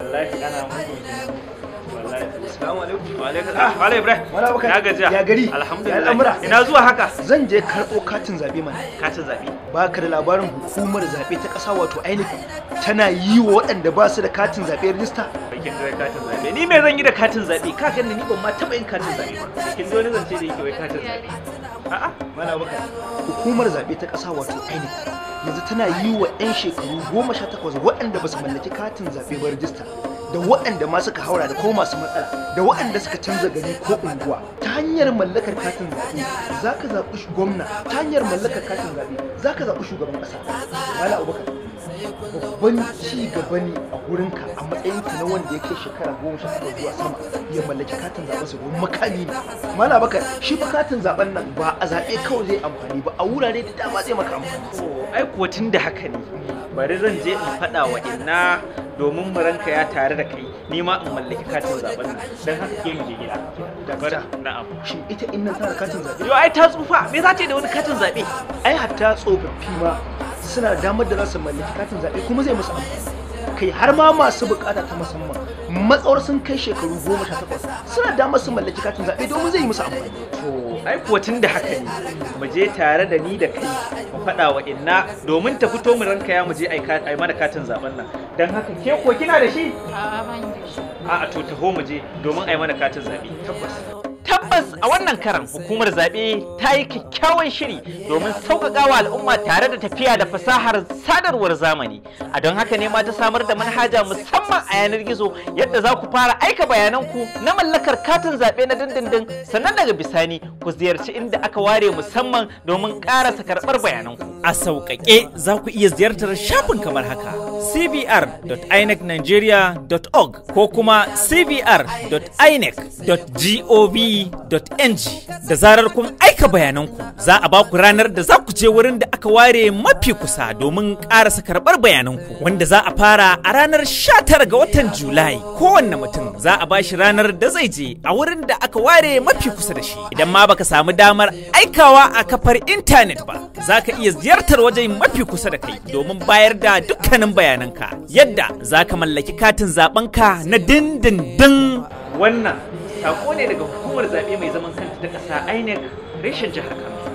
Wale Ibrahim. Wala baka. zuwa Zan je karɓo katin zaɓe zaɓe. Ba ka da labarin hukumar zaɓe ta ƙasa wato INEC tana yi wa waɗanda ba su da katin zaɓe rijista. da Ni me zan yi da katin zaɓe? Ka ni ban ma taɓa yin katin zaɓe ba. Kin zo ni zance da yake wai katin zaɓe. a'a hukumar zaɓe ta ƙasa wato INEC yanzu tana yi wa 'yan shekaru goma sha takwas waɗanda ba su mallaki katin zaɓe ba rajista da waɗanda ma suka haura da ko masu matsala da waɗanda suka canza gari ko unguwa ta hanyar mallakar katin zaɓe za ka zaɓi gwamna ta hanyar mallakar katin zaɓe za ka zaɓi shugaban ƙasa mala abubakar babban ci gaba ne a wurinka a matsayinka na wanda yake shekara goma sha takwas zuwa sama ya mallaki katin zaɓen su domin makami ne mana baka shi fa katin zaɓen nan ba a zaɓe kawai zai amfani ba a wurare da dama zai maka amfani. ai kuwa tun da haka ne bari zan je in faɗa wa inna domin mu ranka ya tare da kai ni ma in mallaki katin zaben nan dan haka ke mu je gida da bar na'am shin ita inna tana katin zaɓe? yo ai ta tsufa me za ta yi da wani katin zaɓe. ai hatta tsofaffi ma suna damar da za su mallaki katin zaɓe kuma zai musu amfani kai har ma masu bukata ta musamman matsawar sun kai shekaru goma sha takwas suna damar su mallaki katin zaɓe domin zai yi musu amfani. to ai kuwa tun da haka ne mu je tare da ni da kai mu faɗa wa inna domin ta fito mu ranka ya mu je ai mana katin zaɓen nan don haka ke ko kina da shi? a'a ban da shi. a'a to taho mu je domin ai mana katin zaɓe tabbas. Tabbas a wannan karan hukumar zaɓe ta yi kyakkyawan shiri domin sauƙaƙa wa al'umma tare da tafiya da fasahar sadarwar zamani. A don haka ne ma ta samar da manhaja musamman a yanar gizo yadda za ku fara aika bayananku na mallakar katin zaɓe na dindindin sannan daga bisani ku ziyarci inda aka ware musamman domin ƙarasa karɓar bayananku. A sauƙaƙe za ku iya ziyartar shafin kamar haka cbr.inecnigeria.org ko kuma cbr.inec.gov ng da zarar kun aika bayananku za a baku ranar da za ku je wurin da aka ware mafi kusa domin karasa sakarbar bayananku wanda za a fara a ranar 19 ga watan julai kowanne mutum za a shi ranar da zai je a wurin da aka ware mafi kusa da shi idan ma baka samu damar aikawa a kafar intanet ba za ka iya ziyartar waje mafi kusa da kai domin bayar da dukkanin bayananka yadda za ka mallaki katin zaɓenka na dindindin wannan sako ne daga hukumar zaɓe mai zaman kanta ta ƙasa INEC reshen jihar Kano